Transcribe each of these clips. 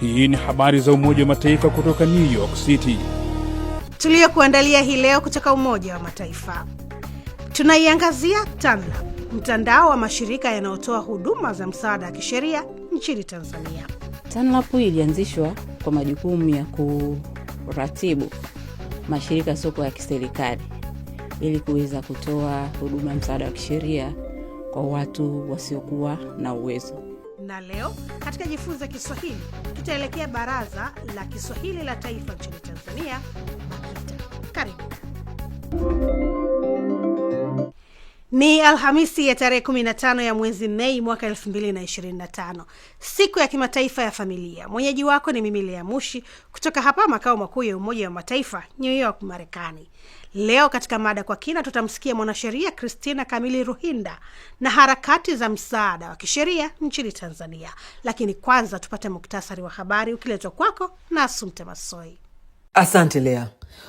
Hii ni habari za Umoja wa Mataifa kutoka New York City tuliyokuandalia hii leo kutoka Umoja wa Mataifa. Tunaiangazia tanla mtandao wa mashirika yanayotoa huduma za msaada wa kisheria nchini Tanzania. TANLAP ilianzishwa kwa majukumu ya kuratibu mashirika soko ya kiserikali ili kuweza kutoa huduma ya msaada wa kisheria kwa watu wasiokuwa na uwezo na leo katika Jifunza Kiswahili tutaelekea Baraza la Kiswahili la Taifa nchini Tanzania, BAKITA. Karibu. Ni Alhamisi ya tarehe 15 ya mwezi Mei mwaka 2025, siku ya kimataifa ya familia. Mwenyeji wako ni mimi Lea Mushi kutoka hapa makao makuu ya Umoja wa Mataifa, New York, Marekani. Leo katika mada kwa kina tutamsikia mwanasheria kristina Kamili Ruhinda na harakati za msaada wa kisheria nchini Tanzania, lakini kwanza tupate muktasari wa habari ukiletwa kwako na Asumte Masoi. Asante Lea.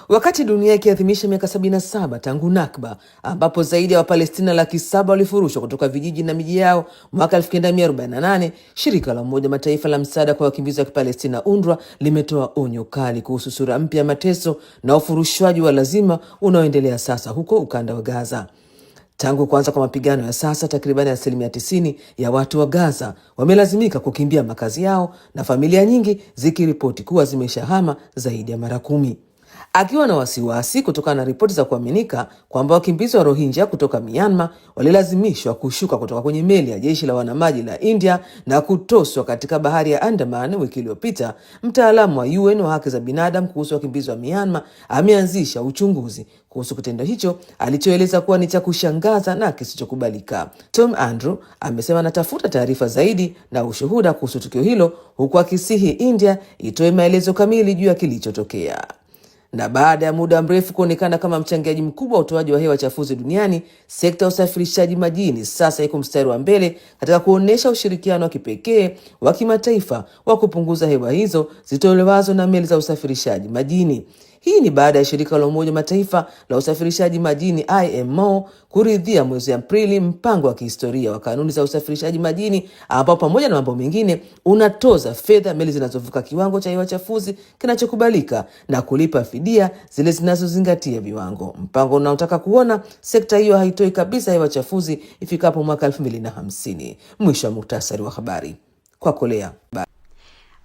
Wakati dunia ikiadhimisha miaka 77 tangu Nakba, ambapo zaidi ya Wapalestina laki saba walifurushwa kutoka vijiji na miji yao mwaka 1948, shirika la Umoja Mataifa la msaada kwa wakimbizi wa Kipalestina, UNRWA, limetoa onyo kali kuhusu sura mpya ya mateso na ufurushwaji wa lazima unaoendelea sasa huko ukanda wa Gaza. Tangu kuanza kwa mapigano ya sasa, takribani asilimia tisini ya watu wa Gaza wamelazimika kukimbia makazi yao na familia nyingi zikiripoti kuwa zimeshahama zaidi ya mara kumi akiwa na wasiwasi kutokana na ripoti za kuaminika kwamba wakimbizi wa Rohingya kutoka Myanmar walilazimishwa kushuka kutoka kwenye meli ya jeshi la wanamaji la India na kutoswa katika bahari ya Andaman wiki iliyopita. Mtaalamu wa UN wa haki za binadamu kuhusu wakimbizi wa Myanmar ameanzisha uchunguzi kuhusu kitendo hicho alichoeleza kuwa ni cha kushangaza na kisichokubalika. Tom Andrew amesema anatafuta taarifa zaidi na ushuhuda kuhusu tukio hilo, huku akisihi India itoe maelezo kamili juu ya kilichotokea na baada ya muda mrefu kuonekana kama mchangiaji mkubwa wa utoaji wa hewa chafuzi duniani, sekta ya usafirishaji majini sasa iko mstari wa mbele katika kuonyesha ushirikiano wa kipekee wa kimataifa wa kupunguza hewa hizo zitolewazo na meli za usafirishaji majini. Hii ni baada ya shirika la Umoja Mataifa la usafirishaji majini IMO kuridhia mwezi Aprili mpango wa kihistoria wa kanuni za usafirishaji majini ambao pamoja na mambo mengine unatoza fedha meli zinazovuka kiwango cha hewa chafuzi kinachokubalika na kulipa fidia zile zinazozingatia viwango, mpango unaotaka kuona sekta hiyo haitoi kabisa hewa chafuzi ifikapo mwaka 2050. Mwisho wa muktasari wa habari. Kwako Lea.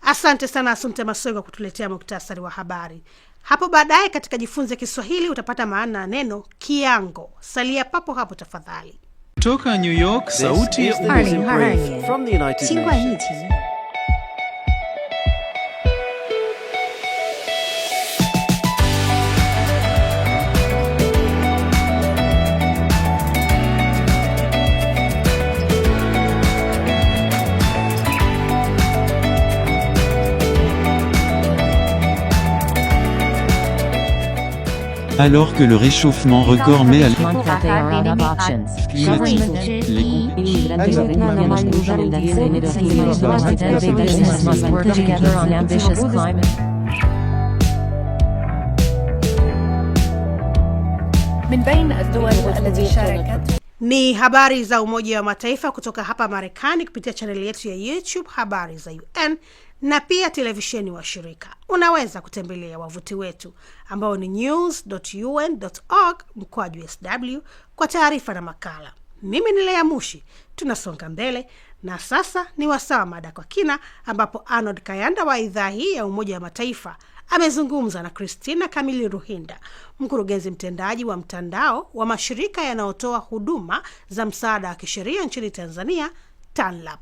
Asante sana Asumta Masego kutuletea muktasari wa habari. Hapo baadaye katika Jifunze Kiswahili utapata maana ya neno kiango. Salia papo hapo tafadhali. Kutoka New York, sauti ya alors que le réchauffement record met à ni habari za Umoja wa Mataifa kutoka hapa Marekani kupitia YouTube Habari za na pia televisheni wa shirika Unaweza kutembelea wavuti wetu ambao ni news.un.org mkwaju sw kwa taarifa na makala. Mimi ni Lea Mushi. Tunasonga mbele na sasa ni wasawa mada kwa kina, ambapo Arnold Kayanda wa idhaa hii ya Umoja wa Mataifa amezungumza na kristina Kamili Ruhinda, mkurugenzi mtendaji wa mtandao wa mashirika yanayotoa huduma za msaada wa kisheria nchini Tanzania, TANLAP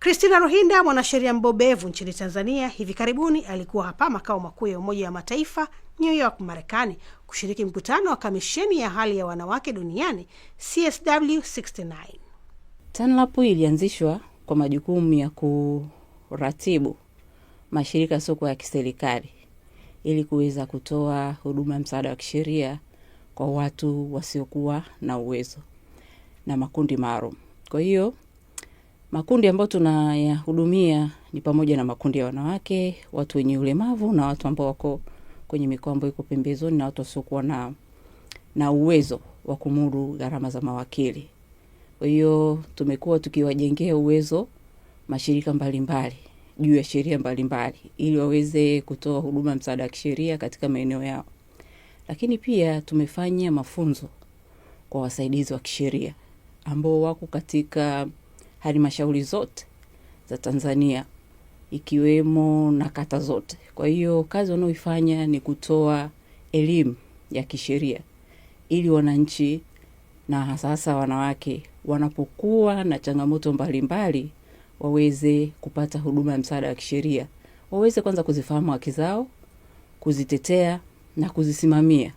kristina Rohinda, mwanasheria mbobevu nchini Tanzania, hivi karibuni alikuwa hapa makao makuu ya Umoja wa Mataifa, New York, Marekani, kushiriki mkutano wa Kamisheni ya Hali ya Wanawake Duniani, CSW69. TANLAP ilianzishwa kwa majukumu ya kuratibu mashirika soko ya kiserikali ili kuweza kutoa huduma ya msaada wa kisheria kwa watu wasiokuwa na uwezo na makundi maalum. Kwa hiyo Makundi ambayo tunayahudumia ni pamoja na makundi ya wanawake, watu wenye ulemavu na watu ambao wako kwenye mikoa ambayo iko pembezoni na watu wasiokuwa na, na uwezo wa kumudu gharama za mawakili. Kwa hiyo tumekuwa tukiwajengea uwezo mashirika mbalimbali juu ya sheria mbalimbali ili waweze kutoa huduma msaada wa kisheria katika maeneo yao, lakini pia tumefanya mafunzo kwa wasaidizi wa kisheria ambao wako katika halmashauri zote za Tanzania ikiwemo na kata zote. Kwa hiyo kazi wanaoifanya ni kutoa elimu ya kisheria ili wananchi na hasa wanawake wanapokuwa na changamoto mbalimbali mbali, waweze kupata huduma ya msaada wa kisheria, waweze kwanza kuzifahamu haki zao, kuzitetea na kuzisimamia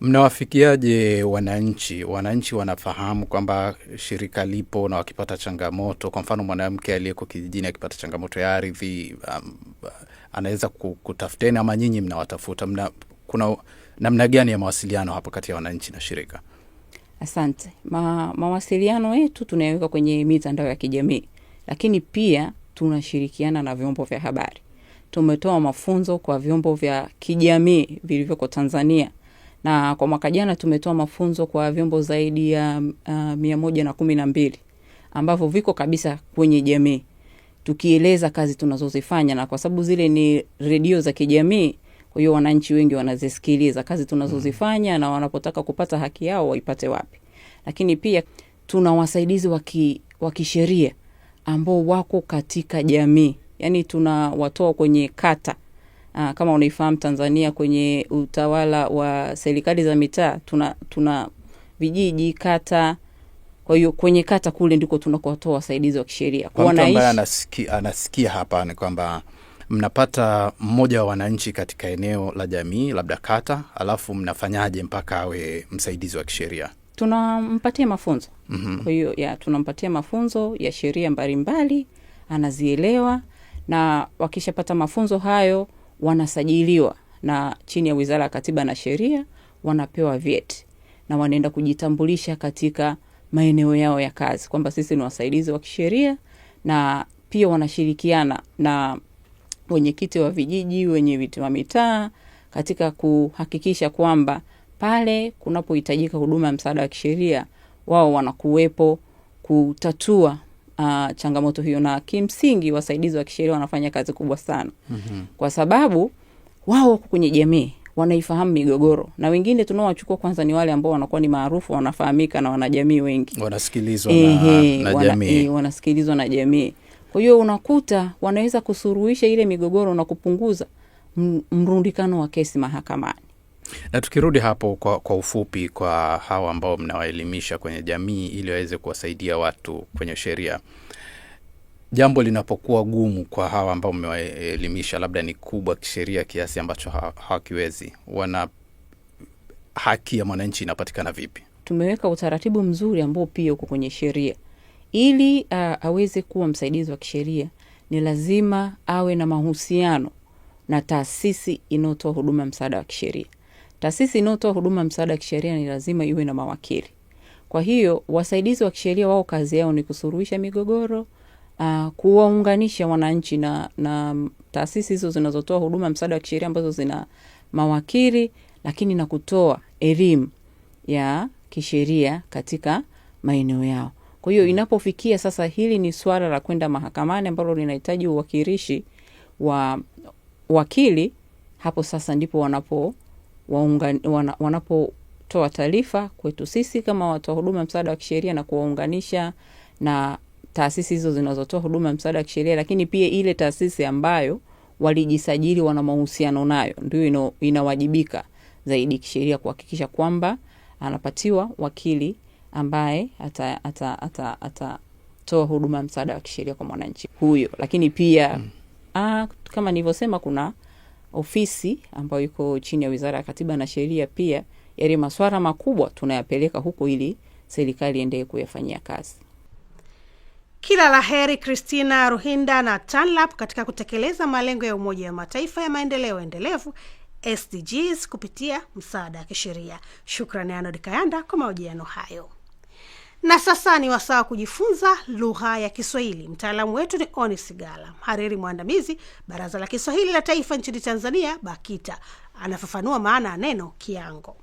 Mnawafikiaje wananchi? Wananchi wanafahamu kwamba shirika lipo na wakipata changamoto, kwa mfano mwanamke aliyeko kijijini akipata changamoto ya ardhi, um, anaweza kutafuteni ama nyinyi mnawatafuta? Mna, kuna namna gani ya mawasiliano hapo kati ya wananchi na shirika? Asante. Ma, mawasiliano yetu tunayaweka kwenye mitandao ya kijamii, lakini pia tunashirikiana na vyombo vya habari. Tumetoa mafunzo kwa vyombo vya kijamii vilivyoko Tanzania na kwa mwaka jana tumetoa mafunzo kwa vyombo zaidi ya uh, mia moja na kumi na mbili ambavyo viko kabisa kwenye jamii tukieleza kazi tunazozifanya, na kwa sababu zile ni redio za kijamii, kwa hiyo wananchi wengi wanazisikiliza kazi tunazozifanya, na wanapotaka kupata haki yao waipate wapi. Lakini pia tuna wasaidizi wa kisheria ambao wako katika jamii, yani tunawatoa kwenye kata uh, kama unaifahamu Tanzania kwenye utawala wa serikali za mitaa tuna, tuna vijiji, kata kwa hiyo kwenye kata kule ndiko tunakotoa wasaidizi wa kisheria kwa mtu ambaye anasikia, anasikia hapa ni kwamba mnapata mmoja wa wananchi katika eneo la jamii labda kata, alafu mnafanyaje mpaka awe msaidizi wa kisheria? Tunampatia mafunzo mm -hmm. Kwa hiyo ya tunampatia mafunzo ya sheria mbalimbali, anazielewa na wakishapata mafunzo hayo wanasajiliwa na chini ya Wizara ya Katiba na Sheria, wanapewa vyeti na wanaenda kujitambulisha katika maeneo yao ya kazi kwamba sisi ni wasaidizi wa kisheria, na pia wanashirikiana na wenyekiti wa vijiji, wenye viti wa mitaa katika kuhakikisha kwamba pale kunapohitajika huduma ya msaada wa kisheria wao wanakuwepo kutatua uh, changamoto hiyo, na kimsingi wasaidizi wa kisheria wanafanya kazi kubwa sana mm -hmm. kwa sababu wao wako kwenye jamii wanaifahamu migogoro na wengine tunaowachukua kwanza ni wale ambao wanakuwa ni maarufu, wanafahamika na wanajamii wengi, wanasikilizwa na, na wana, jamii. E, wanasikilizwa na jamii. Kwa hiyo unakuta wanaweza kusuruhisha ile migogoro na kupunguza mrundikano wa kesi mahakamani. Na tukirudi hapo kwa, kwa ufupi kwa hawa ambao mnawaelimisha kwenye jamii ili waweze kuwasaidia watu kwenye sheria, jambo linapokuwa gumu kwa hawa ambao mmewaelimisha, labda ni kubwa kisheria kiasi ambacho hawakiwezi, wana haki ya mwananchi inapatikana vipi? Tumeweka utaratibu mzuri ambao pia uko kwenye sheria ili uh, aweze kuwa msaidizi wa kisheria ni lazima awe na mahusiano na taasisi inayotoa huduma msaada wa kisheria. Taasisi inayotoa huduma msaada wa kisheria ni lazima iwe na mawakili. Kwa hiyo wasaidizi wa kisheria wao kazi yao ni kusuluhisha migogoro, uh, kuwaunganisha wananchi na, na taasisi hizo zinazotoa huduma msaada wa kisheria ambazo zina mawakili, lakini na kutoa elimu ya kisheria katika maeneo yao. Kwa hiyo inapofikia sasa, hili ni swala la kwenda mahakamani ambalo linahitaji uwakilishi wa wakili, hapo sasa ndipo wanapo wanapotoa taarifa kwetu sisi kama watoa huduma ya msaada wa kisheria na kuwaunganisha na taasisi hizo zinazotoa huduma ya msaada wa kisheria, lakini pia ile taasisi ambayo walijisajili wana mahusiano nayo ndio inawajibika zaidi kisheria kuhakikisha kwamba anapatiwa wakili ambaye atatoa ata, ata, ata huduma ya msaada wa kisheria kwa mwananchi huyo. Lakini pia mm, ah, kama nilivyosema kuna ofisi ambayo iko chini ya Wizara ya Katiba na Sheria, pia yale maswara makubwa tunayapeleka huko ili serikali endee kuyafanyia kazi. Kila la heri Christina Ruhinda na TANLAP katika kutekeleza malengo ya Umoja wa Mataifa ya maendeleo endelevu SDGs kupitia msaada wa kisheria. Shukrani Arnold Kayanda kwa mahojiano hayo. Na sasa ni wasaa wa kujifunza lugha ya Kiswahili. Mtaalamu wetu ni Onis Gala, mhariri mwandamizi Baraza la Kiswahili la Taifa nchini Tanzania, BAKITA. Anafafanua maana ya neno kiango.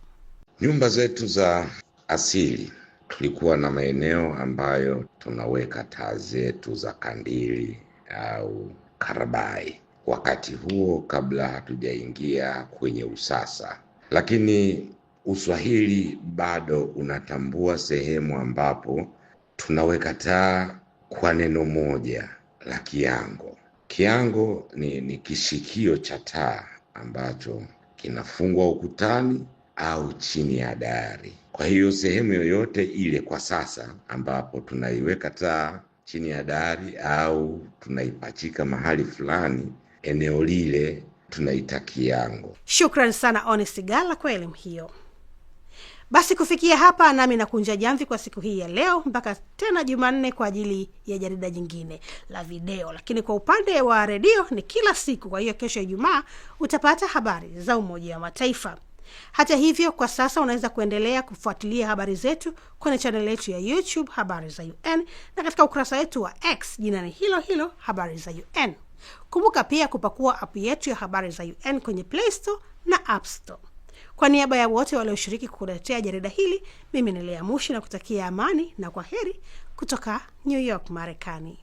Nyumba zetu za asili tulikuwa na maeneo ambayo tunaweka taa zetu za kandili au karabai, wakati huo kabla hatujaingia kwenye usasa, lakini Uswahili bado unatambua sehemu ambapo tunaweka taa kwa neno moja la kiango. Kiango ni, ni kishikio cha taa ambacho kinafungwa ukutani au chini ya dari. Kwa hiyo sehemu yoyote ile kwa sasa ambapo tunaiweka taa chini ya dari au tunaipachika mahali fulani, eneo lile tunaita kiango. Shukran sana onesigala kwa elimu hiyo. Basi kufikia hapa, nami nakunja jamvi kwa siku hii ya leo, mpaka tena Jumanne kwa ajili ya jarida jingine la video. Lakini kwa upande wa redio ni kila siku, kwa hiyo kesho Ijumaa utapata habari za Umoja wa Mataifa. Hata hivyo, kwa sasa unaweza kuendelea kufuatilia habari zetu kwenye chaneli yetu ya YouTube Habari za UN na katika ukurasa wetu wa X jinani hilo hilo Habari za UN. Kumbuka pia kupakua apu yetu ya Habari za UN kwenye Play Store na App Store. Kwa niaba ya wote walioshiriki kukuletea jarida hili, mimi ni Lea Mushi na kutakia amani na kwa heri kutoka New York, Marekani.